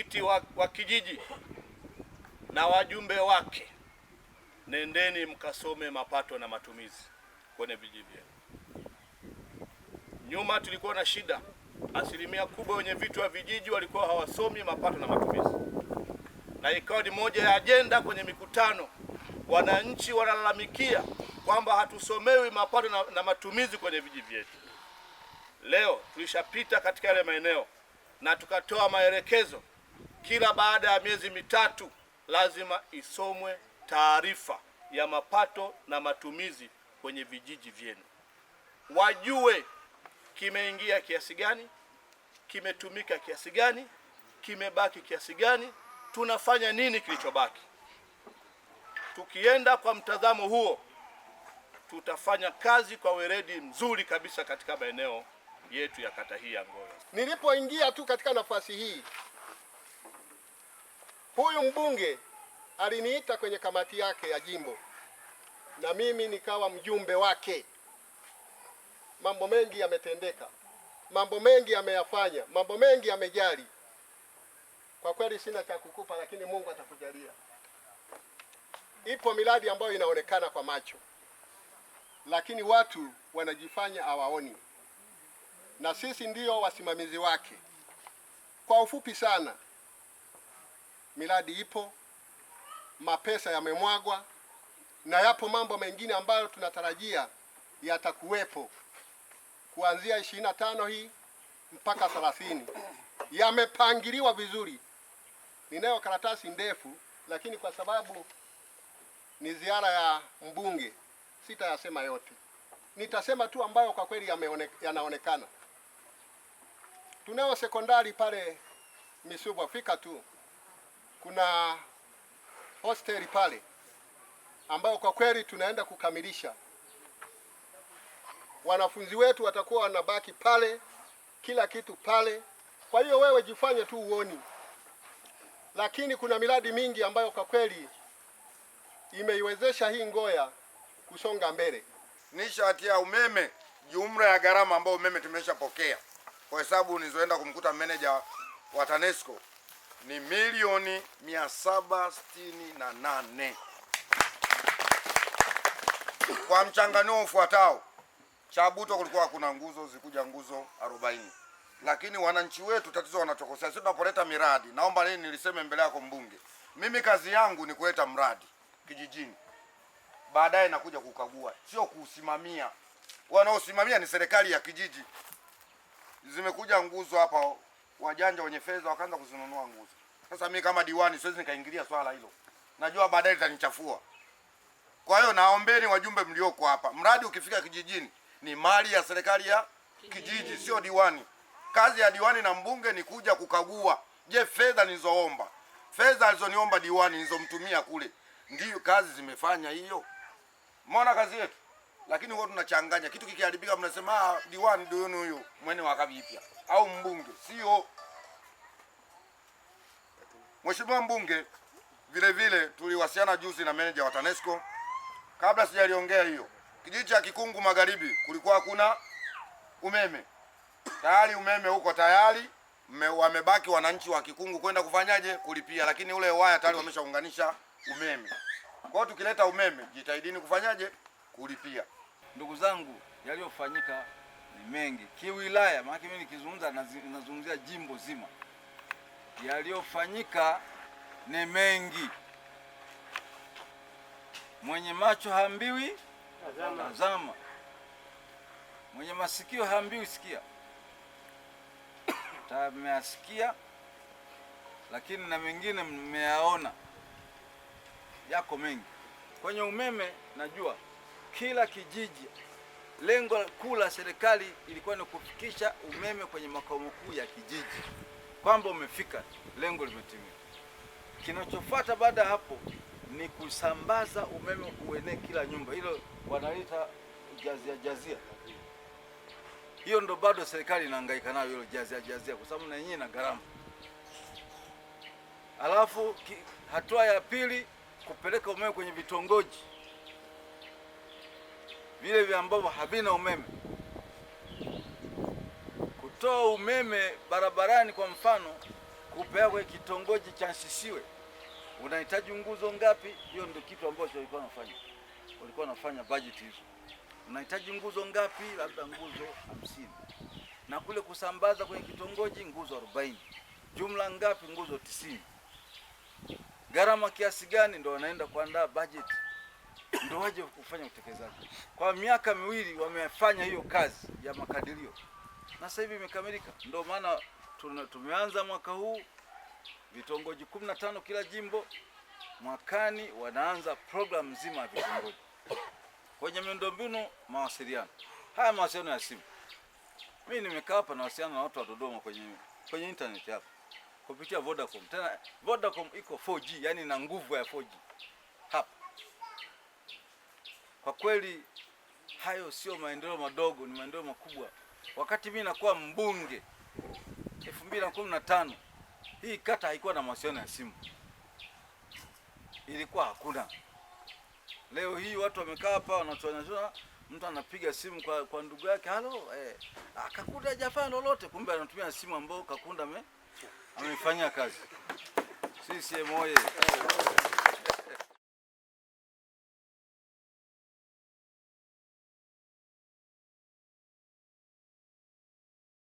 mwenyekiti wa, wa kijiji na wajumbe wake, nendeni mkasome mapato na matumizi kwenye vijiji vyenu. Nyuma tulikuwa na shida, asilimia kubwa wenye vitu wa vijiji walikuwa hawasomi mapato na matumizi, na ikawa ni moja ya ajenda kwenye mikutano. Wananchi wanalalamikia kwamba hatusomewi mapato na, na matumizi kwenye vijiji vyetu. Leo tulishapita katika yale maeneo na tukatoa maelekezo kila baada ya miezi mitatu lazima isomwe taarifa ya mapato na matumizi kwenye vijiji vyenu, wajue kimeingia kiasi gani, kimetumika kiasi gani, kimebaki kiasi gani, tunafanya nini kilichobaki. Tukienda kwa mtazamo huo, tutafanya kazi kwa weledi mzuri kabisa katika maeneo yetu ya kata hii ya Ngoyo. Nilipoingia tu katika nafasi hii Huyu mbunge aliniita kwenye kamati yake ya jimbo na mimi nikawa mjumbe wake. Mambo mengi yametendeka, mambo mengi ameyafanya, mambo mengi amejali. Kwa kweli sina cha kukupa, lakini Mungu atakujalia. Ipo miradi ambayo inaonekana kwa macho, lakini watu wanajifanya hawaoni, na sisi ndio wasimamizi wake. Kwa ufupi sana miradi ipo, mapesa yamemwagwa, na yapo mambo mengine ambayo tunatarajia yatakuwepo kuanzia ishirini na tano hii mpaka thelathini. Yamepangiliwa vizuri. Ninayo karatasi ndefu, lakini kwa sababu ni ziara ya mbunge sitayasema yote, nitasema tu ambayo kwa kweli yanaonekana. Tunayo sekondari pale Misubwa, fika tu kuna hosteli pale ambayo kwa kweli tunaenda kukamilisha. Wanafunzi wetu watakuwa wanabaki pale, kila kitu pale. Kwa hiyo wewe jifanye tu uoni, lakini kuna miradi mingi ambayo kwa kweli imeiwezesha hii Ngoya kusonga mbele. Nishati ya umeme, jumla ya gharama ambayo umeme tumeshapokea kwa hesabu nilizoenda kumkuta meneja wa TANESCO ni milioni nane kwa mchanganuo ufuatao. Chabuto kulikuwa kuna nguzo zikuja nguzo 40, lakini wananchi wetu tatizo wanachokosea sisi tunapoleta miradi. Naomba nini niliseme mbele yako mbunge, mimi kazi yangu ni kuleta mradi kijijini, baadaye nakuja kukagua, sio kuusimamia. Wanaosimamia ni serikali ya kijiji. Zimekuja nguzo hapa wajanja wenye fedha wakaanza kuzinunua nguzo. Sasa mimi kama diwani siwezi nikaingilia swala hilo, najua baadaye litanichafua. Kwa hiyo naombeni wajumbe mlioko hapa, mradi ukifika kijijini ni mali ya serikali ya kijiji, sio diwani. Kazi ya diwani na mbunge ni kuja kukagua, je, fedha nilizoomba, fedha alizoniomba diwani nilizomtumia kule, ndio kazi zimefanya hiyo? Mbona kazi yetu lakini huwa tunachanganya kitu kikiharibika, mnasema ah, diwani duni huyu mwene wa Kavipya au mbunge. Sio mheshimiwa mbunge. Vile vile tuliwasiliana juzi na meneja wa TANESCO. Kabla sijaliongea hiyo, kijiji cha Kikungu Magharibi kulikuwa hakuna umeme, tayari umeme huko tayari wamebaki wananchi wa Kikungu kwenda kufanyaje? Kulipia, lakini ule waya tayari wameshaunganisha umeme. Kwa tukileta umeme, jitahidini kufanyaje? Kulipia. Ndugu zangu, yaliyofanyika ni mengi kiwilaya, maana mimi nikizungumza nazungumzia jimbo zima. Yaliyofanyika ni mengi, mwenye macho hambiwi tazama, tazama. Mwenye masikio hambiwi sikia, tameasikia lakini na mengine mmeyaona, yako mengi kwenye umeme najua kila kijiji. Lengo kuu la serikali ilikuwa ni kufikisha umeme kwenye makao makuu ya kijiji, kwamba umefika, lengo limetimia. Kinachofuata baada ya hapo ni kusambaza umeme uenee kila nyumba, hilo wanaita jazia jazia. Hiyo ndo bado serikali inahangaika nayo, hilo jazia jazia, kwa sababu na yenyewe ina gharama. Alafu hatua ya pili kupeleka umeme kwenye vitongoji vile vya ambavyo havina umeme. Kutoa umeme barabarani, kwa mfano kwa kitongoji cha Sisiwe, unahitaji nguzo ngapi? Hiyo ndio kitu ambacho walikuwa wanafanya, walikuwa wanafanya budget hizo. Unahitaji nguzo ngapi? Labda nguzo hamsini, na kule kusambaza kwenye kitongoji nguzo 40. jumla ngapi? Nguzo tisini. Gharama kiasi gani? Ndio wanaenda kuandaa budget ndio waje kufanya utekelezaji. Kwa miaka miwili wamefanya hiyo kazi ya makadirio na sasa hivi imekamilika. Ndio maana tumeanza mwaka huu vitongoji kumi na tano kila jimbo, mwakani wanaanza programu nzima ya vitongoji. Kwenye miundombinu, mawasiliano, haya mawasiliano ya simu, mimi nimekaa hapa nawasiliana na watu wa Dodoma kwenye kwenye internet hapa kupitia Vodacom. Tena Vodacom iko 4G, yani na nguvu ya 4G. Kwa kweli hayo sio maendeleo madogo, ni maendeleo makubwa. Wakati mimi nakuwa mbunge 2015 hii kata haikuwa na mawasiliano ya simu, ilikuwa hakuna. Leo hii watu wamekaa hapa wanachonachona, mtu anapiga simu kwa, kwa ndugu yake halo, eh, ah, Kakunda hajafanya lolote, kumbe anatumia simu ambayo Kakunda amefanya kazi. Sisi moye